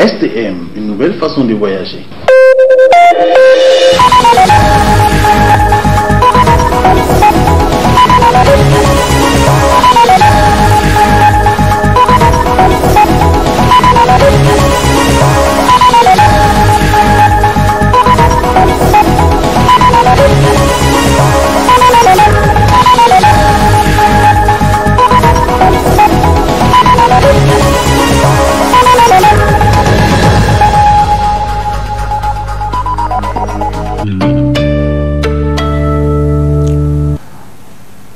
STM, une nouvelle façon de voyager.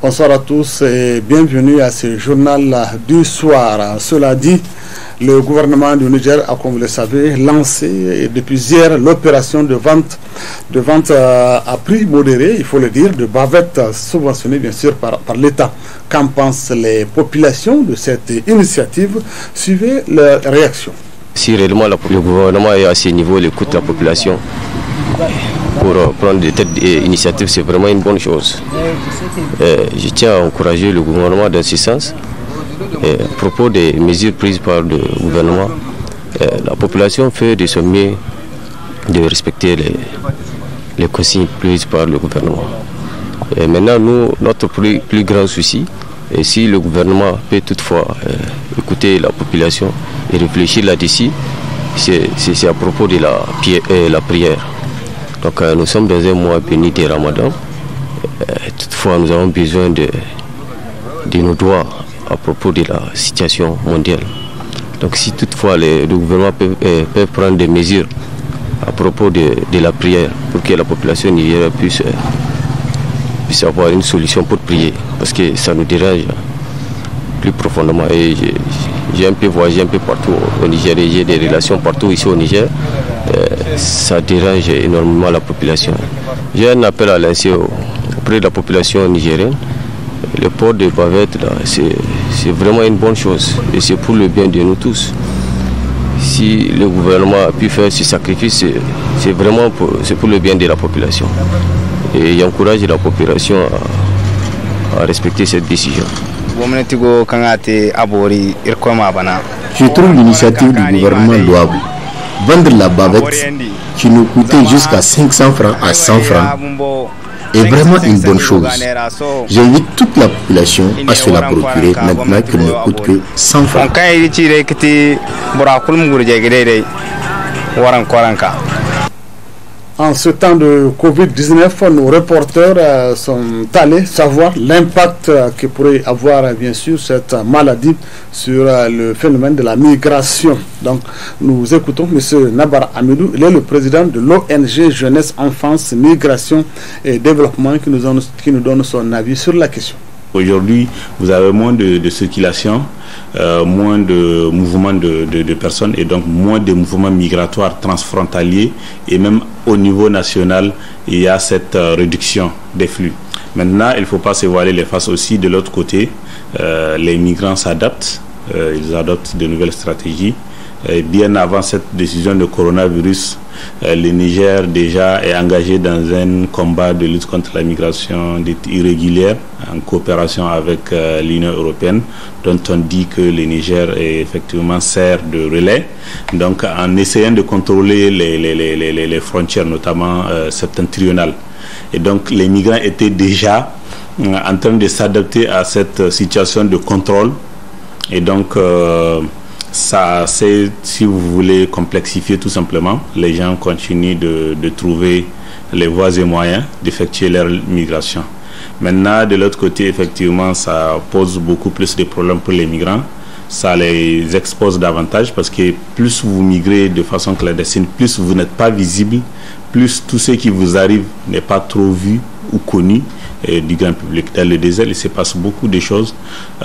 Bonsoir à tous et bienvenue à ce journal du soir. Cela dit, le gouvernement du Niger a, comme vous le savez, lancé depuis hier l'opération de vente, de vente euh, à prix modéré, il faut le dire, de bavettes subventionnées bien sûr par, l'État. Qu'en pensent les populations de cette initiative Suivez leur réaction. Si réellement le gouvernement est à ce niveau, il de la population pour euh, prendre des têtes initiatives, c'est vraiment une bonne chose. je tiens à encourager le gouvernement dans ce sens. à propos des mesures prises par le gouvernement, la population fait de son mieux de respecter les, consignes prises par le gouvernement. Et maintenant, nous, notre plus, grand souci, et si le gouvernement peut toutefois euh, écouter la population et réfléchir là-dessus, c'est à propos de la euh, prière. Euh, nous sommes dans un mois béni de Ramadan. Euh, toutefois, nous avons besoin de, de nos droits à propos de la situation mondiale. Donc si toutefois le, gouvernement euh, peut, prendre des mesures à propos de, la prière pour que la population nigérienne puisse, puisse avoir une solution pour prier, parce que ça nous dérange plus profondément. Et j'ai un peu voyagé un peu partout au Niger, j'ai des relations partout ici au Niger. Euh, ça dérange énormément la population. J'ai un appel à lancer auprès de la population nigérienne. Le port de bavette, c'est vraiment une bonne chose et c'est pour le bien de nous tous. Si le gouvernement a pu faire ce sacrifice, c'est vraiment pour, pour le bien de la population. Et j'encourage la population à, à respecter cette décision. Je trouve l'initiative du gouvernement louable vendre la bavette qui nous coûtait jusqu'à 500 francs à 100 francs est vraiment une bonne chose. J'invite toute la population à se la procurer maintenant qu'elle ne coûte que 100 francs en ce temps de Covid-19, nos reporters euh, sont allés savoir l'impact euh, que pourrait avoir, euh, bien sûr, cette maladie sur le phénomène de la migration. Donc, nous écoutons M. Nabar Amidou. Il est le président de l'ONG Jeunesse, Enfance, Migration et Développement qui nous donne son avis sur la question. Aujourd'hui, vous avez moins de, circulation, euh, moins de mouvements de, personnes et donc moins de mouvements migratoires transfrontaliers. Et même au niveau national, il y a cette euh, réduction des flux. Maintenant, il ne faut pas se voiler les faces aussi. De l'autre côté, euh, les migrants s'adaptent, ils adoptent de nouvelles stratégies bien avant cette décision de coronavirus, euh, le Niger déjà est engagé dans un combat de lutte contre la migration dite irrégulière en coopération avec euh, l'Union européenne, dont on dit que le Niger est effectivement sert de relais. Donc en essayant de contrôler les, frontières, notamment euh, septentrionales. Et donc les migrants étaient déjà en train de s'adapter à cette situation de contrôle. Et donc ça c'est, si vous voulez, complexifier tout simplement. Les gens continuent de, trouver les voies et moyens d'effectuer leur migration. Maintenant, de l'autre côté, effectivement, ça pose beaucoup plus de problèmes pour les migrants. Ça les expose davantage parce que plus vous migrez de façon clandestine, plus vous n'êtes pas visible, plus tout ce qui vous arrive n'est pas trop vu ou connu eh, du grand public. Dans le désert, il se passe beaucoup de choses.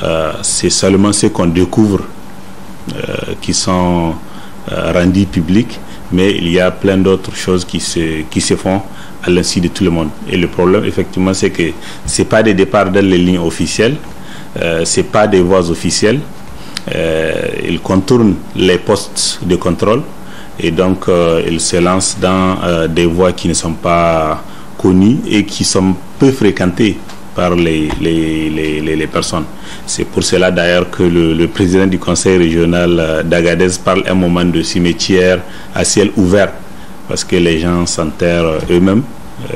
Euh, c'est seulement ce qu'on découvre euh, qui sont euh, rendus publics, mais il y a plein d'autres choses qui se, qui se font à l'insu de tout le monde. Et le problème, effectivement, c'est que ce pas des départs dans les lignes officielles, euh, ce pas des voies officielles. Euh, ils contournent les postes de contrôle et donc ils se lancent dans des voies qui ne sont pas connues et qui sont peu fréquentées par les, les, les, les personnes. C'est pour cela d'ailleurs que le, président du conseil régional euh, d'Agadez parle un moment de cimetière à ciel ouvert, parce que les gens s'enterrent euh, eux-mêmes.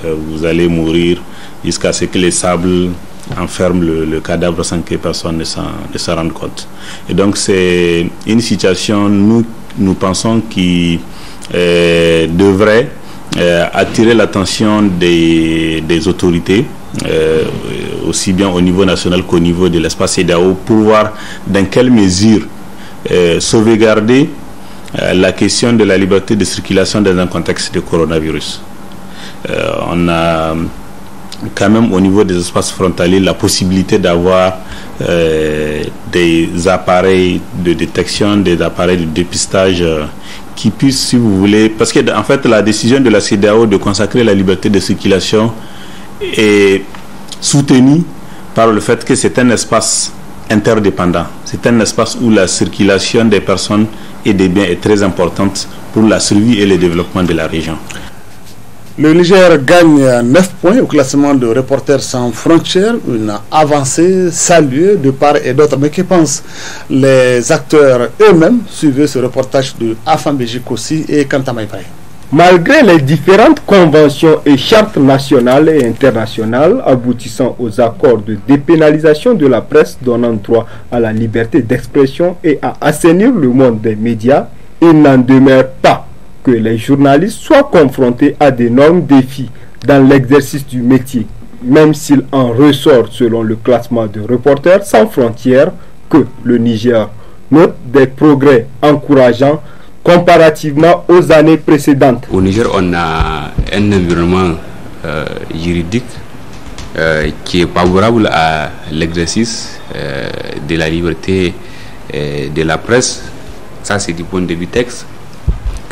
Euh, vous allez mourir jusqu'à ce que les sables enferment le, cadavre sans que personne ne s'en rende compte. Et donc c'est une situation, nous, nous pensons, qui devrait euh, attirer l'attention des, autorités, euh, aussi bien au niveau national qu'au niveau de l'espace EDAO, pour voir dans quelle mesure euh, sauvegarder la question de la liberté de circulation dans un contexte de coronavirus. on a quand même au niveau des espaces frontaliers la possibilité d'avoir des appareils de détection, des appareils de dépistage qui puisse, si vous voulez, parce que en fait la décision de la CDAO de consacrer la liberté de circulation est soutenue par le fait que c'est un espace interdépendant. C'est un espace où la circulation des personnes et des biens est très importante pour la survie et le développement de la région. Le Niger gagne 9 points au classement de Reporters sans frontières, une avancée saluée de part et d'autre. Mais qui pense les acteurs eux-mêmes Suivez ce reportage de Afan aussi et Kantamaypay. Malgré les différentes conventions et chartes nationales et internationales aboutissant aux accords de dépénalisation de la presse donnant droit à la liberté d'expression et à assainir le monde des médias, il n'en demeure pas que les journalistes soient confrontés à d'énormes défis dans l'exercice du métier, même s'il en ressort selon le classement de Reporters sans frontières que le Niger note des progrès encourageants comparativement aux années précédentes. Au Niger, on a un environnement euh, juridique euh, qui est favorable à l'exercice euh, de la liberté de la presse. Ça, c'est du point de vue texte.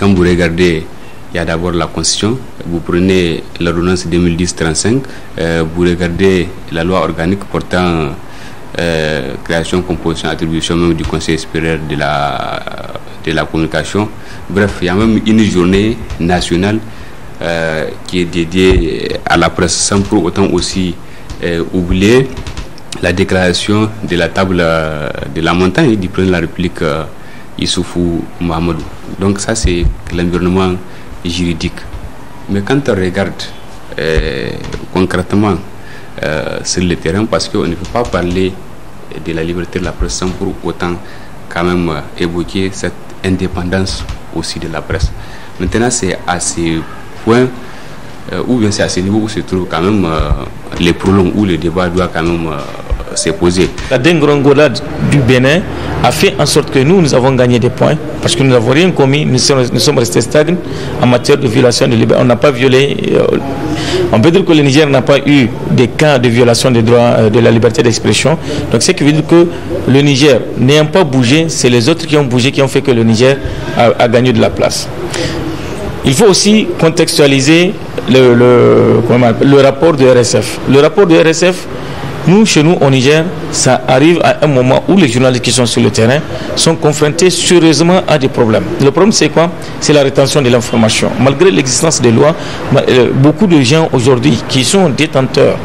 Quand vous regardez, il y a d'abord la Constitution, vous prenez l'ordonnance 2010-35, euh, vous regardez la loi organique portant euh, création, composition, attribution même du Conseil supérieur de la, de la communication. Bref, il y a même une journée nationale euh, qui est dédiée à la presse, sans pour autant aussi oublier la déclaration de la table de la montagne du président de la République Issoufou Mohamedou. Donc ça, c'est l'environnement juridique. Mais quand on regarde euh, concrètement euh, sur le terrain, parce qu'on ne peut pas parler de la liberté de la presse pour autant quand même euh, évoquer cette indépendance aussi de la presse. Maintenant, c'est à ces points, ou bien c'est à ce niveau où se trouvent quand même les prolongs où le débat doit quand même s'est posée. La dégringolade du Bénin a fait en sorte que nous, nous avons gagné des points parce que nous n'avons rien commis, nous sommes, restés stagnes en matière de violation de liberté. On n'a pas violé, euh, on peut dire que le Niger n'a pas eu des cas de violation des droits euh, de la liberté d'expression. Donc ce qui veut dire que le Niger n'ayant pas bougé, c'est les autres qui ont bougé qui ont fait que le Niger a, gagné de la place. Il faut aussi contextualiser le, le, le rapport de RSF. Le rapport de RSF nous, chez nous, au Niger, ça arrive à un moment où les journalistes qui sont sur le terrain sont confrontés sérieusement à des problèmes. Le problème, c'est quoi C'est la rétention de l'information. Malgré l'existence des lois, euh, beaucoup de gens aujourd'hui qui sont détenteurs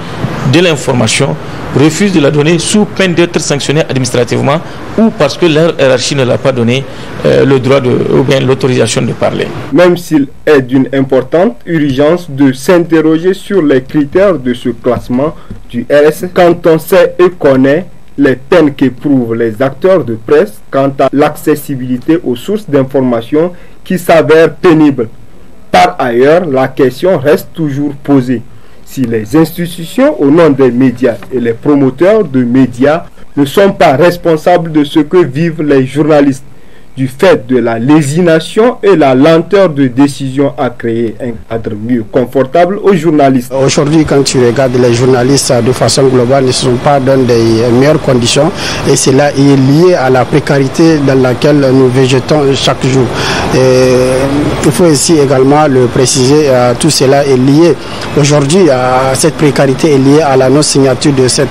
de l'information refuse de la donner sous peine d'être sanctionné administrativement ou parce que leur ne l'a pas donné euh, le droit de, ou bien l'autorisation de parler. Même s'il est d'une importante urgence de s'interroger sur les critères de ce classement du RS quand on sait et connaît les peines qu'éprouvent les acteurs de presse quant à l'accessibilité aux sources d'informations qui s'avèrent pénibles. Par ailleurs, la question reste toujours posée si les institutions, au nom des médias et les promoteurs de médias, ne sont pas responsables de ce que vivent les journalistes du fait de la lésination et la lenteur de décision à créer un cadre mieux confortable aux journalistes. Euh, aujourd'hui, quand tu regardes les journalistes euh, de façon globale, ils ne sont pas dans des euh, meilleures conditions et cela est lié à la précarité dans laquelle nous végétons chaque jour. il faut ici également le préciser, tout cela est lié. Aujourd'hui, à cette précarité est liée à la non-signature de cette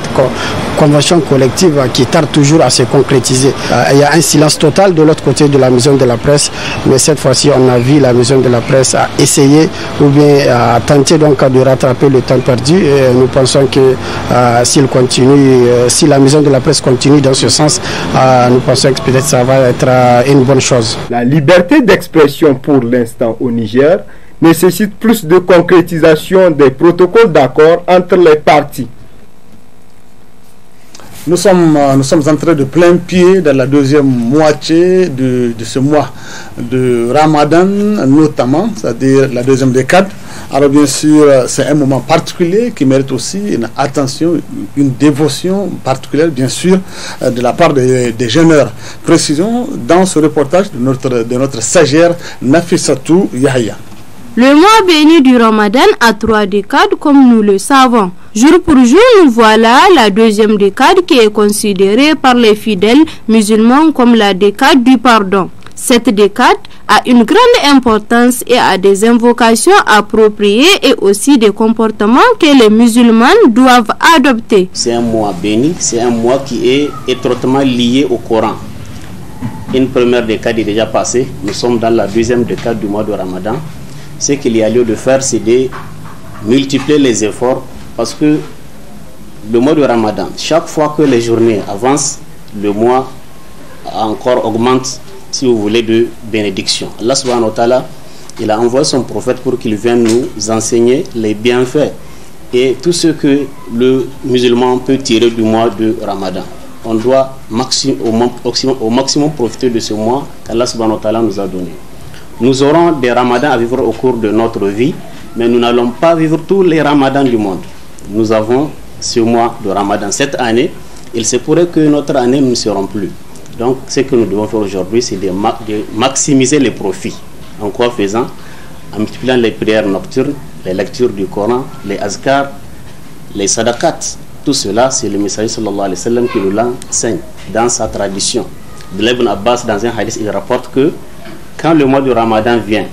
convention collective qui tarde toujours à se concrétiser. Il y a un silence total de l'autre côté de la maison de la presse. Mais cette fois-ci, on a vu la maison de la presse a essayer ou bien à tenter donc de rattraper le temps perdu. nous pensons que euh, s'il continue, euh, si la maison de la presse continue dans ce sens, euh, nous pensons que peut-être ça va être une bonne chose. La liberté d'expression pour l'instant au Niger nécessite plus de concrétisation des protocoles d'accord entre les parties. Nous sommes, euh, entrés de plein pied dans la deuxième moitié de, ce mois de Ramadan, notamment, c'est-à-dire la deuxième décade. Alors bien sûr, c'est un moment particulier qui mérite aussi une attention, une dévotion particulière, bien sûr, euh, de la part des, des Précisons dans ce reportage de notre, de notre stagiaire Nafisatou Yahya. Le mois béni du Ramadan a trois décades comme nous le savons. Jour pour jour, nous voilà la deuxième décade qui est considérée par les fidèles musulmans comme la décade du pardon. Cette décade a une grande importance et a des invocations appropriées et aussi des comportements que les musulmans doivent adopter. C'est un mois béni, c'est un mois qui est étroitement lié au Coran. Une première décade est déjà passée, nous sommes dans la deuxième décade du mois de Ramadan ce qu'il y a lieu de faire, c'est de multiplier les efforts parce que le mois de Ramadan, chaque fois que les journées avancent, le mois encore augmente, si vous voulez, de bénédiction. Allah subhanahu wa ta'ala, il a envoyé son prophète pour qu'il vienne nous enseigner les bienfaits et tout ce que le musulman peut tirer du mois de Ramadan. On doit au, maximum, au maximum profiter de ce mois qu'Allah subhanahu wa ta'ala nous a donné. Nous aurons des ramadans à vivre au cours de notre vie, mais nous n'allons pas vivre tous les ramadans du monde. Nous avons ce mois de ramadan cette année. Il se pourrait que notre année, nous ne serons plus. Donc, ce que nous devons faire aujourd'hui, c'est de, maximiser les profits. En quoi faisant En multipliant les prières nocturnes, les lectures du Coran, les azkars, les sadakats. Tout cela, c'est le messager qui nous l'enseigne dans sa tradition. Ibn Abbas, dans un hadith, il rapporte que quand le mois de Ramadan vient,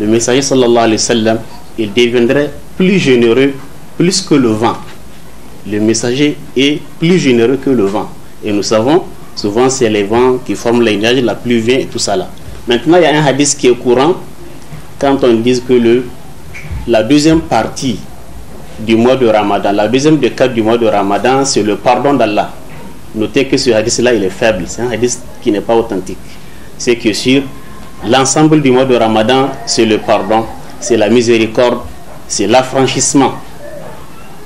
le messager sallallahu alayhi wa sallam, il deviendrait plus généreux, plus que le vent. Le messager est plus généreux que le vent. Et nous savons, souvent c'est les vents qui forment les nuages, la pluie vient et tout ça là. Maintenant, il y a un hadith qui est courant quand on dit que le, la deuxième partie du mois de Ramadan, la deuxième des quatre du mois de Ramadan, c'est le pardon d'Allah. Notez que ce hadith-là, il est faible. C'est un hadith qui n'est pas authentique. C'est que sur L'ensemble du mois de Ramadan, c'est le pardon, c'est la miséricorde, c'est l'affranchissement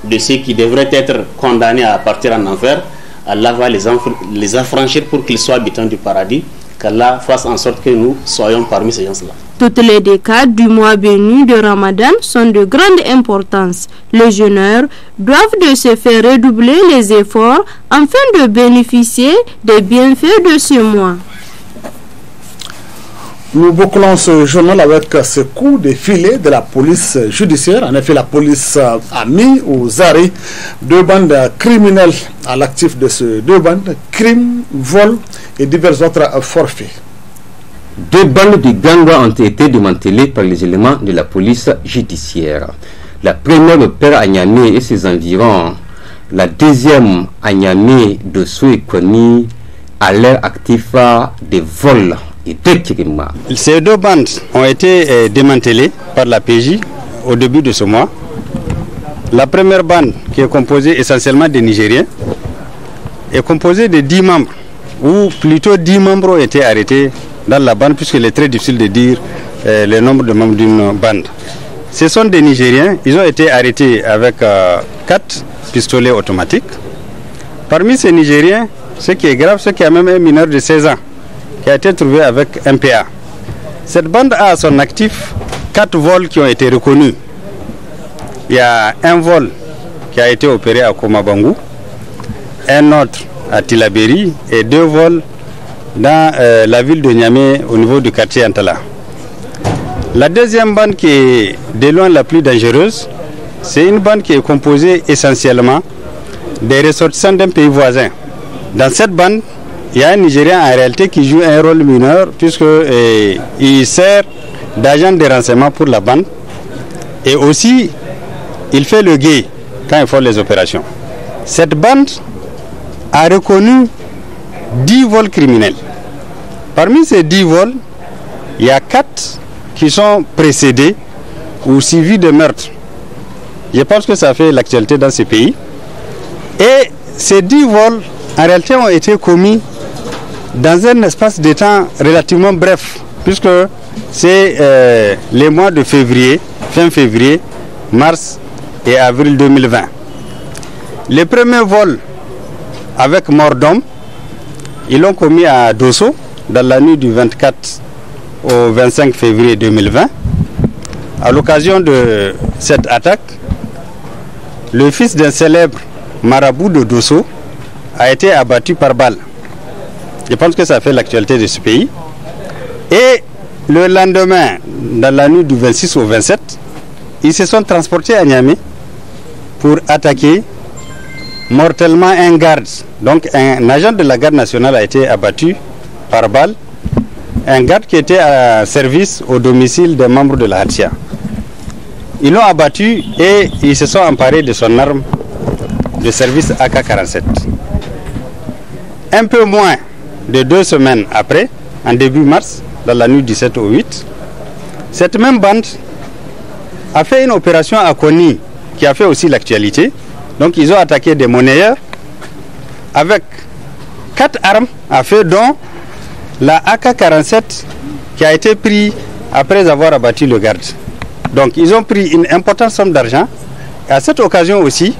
de ceux qui devraient être condamnés à partir en enfer. Allah va les, affranchir pour qu'ils soient habitants du paradis. Qu'Allah fasse en sorte que nous soyons parmi ces gens-là. Toutes les décades du mois béni de Ramadan sont de grande importance. Les jeûneurs doivent de se faire redoubler les efforts afin de bénéficier des bienfaits de ce mois. Nous bouclons ce journal avec ce coup de filet de la police judiciaire. En effet, la police a mis aux arrêts deux bandes criminelles à l'actif de ces deux bandes, crimes, vol et divers autres forfaits. Deux bandes de gangs ont été démantelées par les éléments de la police judiciaire. La première opère à et ses environs. La deuxième à de Souekoni, à l'air actif des vols ces deux bandes ont été euh, démantelées par la PJ au début de ce mois. La première bande, qui est composée essentiellement des Nigériens, est composée de 10 membres, ou plutôt 10 membres ont été arrêtés dans la bande, puisqu'il est très difficile de dire euh, le nombre de membres d'une bande. Ce sont des Nigériens, ils ont été arrêtés avec 4 euh, pistolets automatiques. Parmi ces Nigériens, ce qui est grave, c'est qu'il y a même un mineur de 16 ans qui a été trouvé avec MPA. Cette bande a à son actif quatre vols qui ont été reconnus. Il y a un vol qui a été opéré à Komabangu, un autre à Tilaberi et deux vols dans euh, la ville de Niamey au niveau du quartier Antala. La deuxième bande qui est de loin la plus dangereuse, c'est une bande qui est composée essentiellement des ressortissants d'un pays voisin. Dans cette bande, il y a un Nigérien en réalité qui joue un rôle mineur puisque eh, il sert d'agent de renseignement pour la bande et aussi il fait le guet quand il faut les opérations. Cette bande a reconnu 10 vols criminels. Parmi ces 10 vols, il y a 4 qui sont précédés ou suivis de meurtres. Je pense que ça fait l'actualité dans ces pays. Et ces 10 vols, en réalité, ont été commis dans un espace de temps relativement bref, puisque c'est euh, les mois de février, fin février, mars et avril 2020. Les premiers vols avec mort d'homme, ils l'ont commis à Dosso dans la nuit du 24 au 25 février 2020. À l'occasion de cette attaque, le fils d'un célèbre marabout de Dosso a été abattu par balle. Je pense que ça fait l'actualité de ce pays. Et le lendemain, dans la nuit du 26 au 27, ils se sont transportés à Niamey pour attaquer mortellement un garde. Donc un agent de la garde nationale a été abattu par balle, un garde qui était à service au domicile des membres de la Hatia. Ils l'ont abattu et ils se sont emparés de son arme de service AK-47. Un peu moins de deux semaines après, en début mars, dans la nuit du 17 au 8, cette même bande a fait une opération à Kony qui a fait aussi l'actualité. Donc ils ont attaqué des monnayeurs avec quatre armes à feu dont la AK-47 qui a été prise après avoir abattu le garde. Donc ils ont pris une importante somme d'argent. À cette occasion aussi,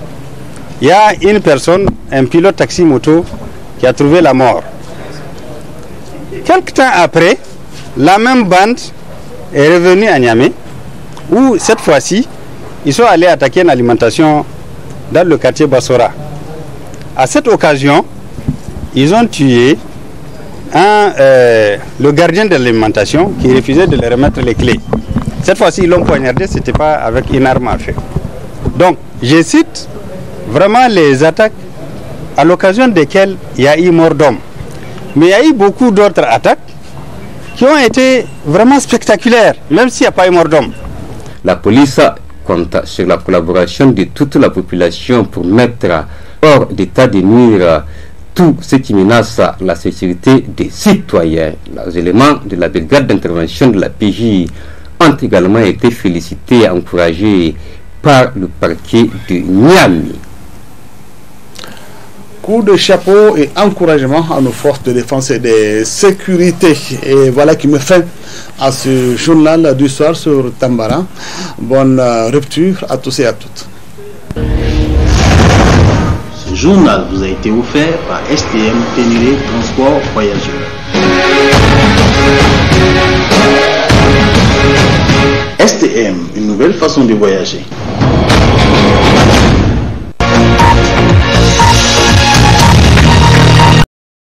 il y a une personne, un pilote taxi-moto, qui a trouvé la mort. Quelques temps après, la même bande est revenue à Niamey, où cette fois-ci, ils sont allés attaquer une alimentation dans le quartier Bassora. À cette occasion, ils ont tué euh, le gardien de l'alimentation qui refusait de leur remettre les clés. Cette fois-ci, ils l'ont poignardé, ce n'était pas avec une arme à feu. Donc, je cite vraiment les attaques à l'occasion desquelles il y a eu mort d'homme. Mais il y a eu beaucoup d'autres attaques qui ont été vraiment spectaculaires, même s'il n'y a pas eu mort d'homme. La police compte sur la collaboration de toute la population pour mettre hors d'état de nuire tout ce qui menace la sécurité des citoyens. Les éléments de la brigade d'intervention de la PJ ont également été félicités et encouragés par le parquet de Niamey. Coup de chapeau et encouragement à nos forces de défense et de sécurité. Et voilà qui me fait à ce journal du soir sur Tambara. Bonne euh, rupture à tous et à toutes. Ce journal vous a été offert par STM Ténéré Transport Voyageurs. STM, une nouvelle façon de voyager.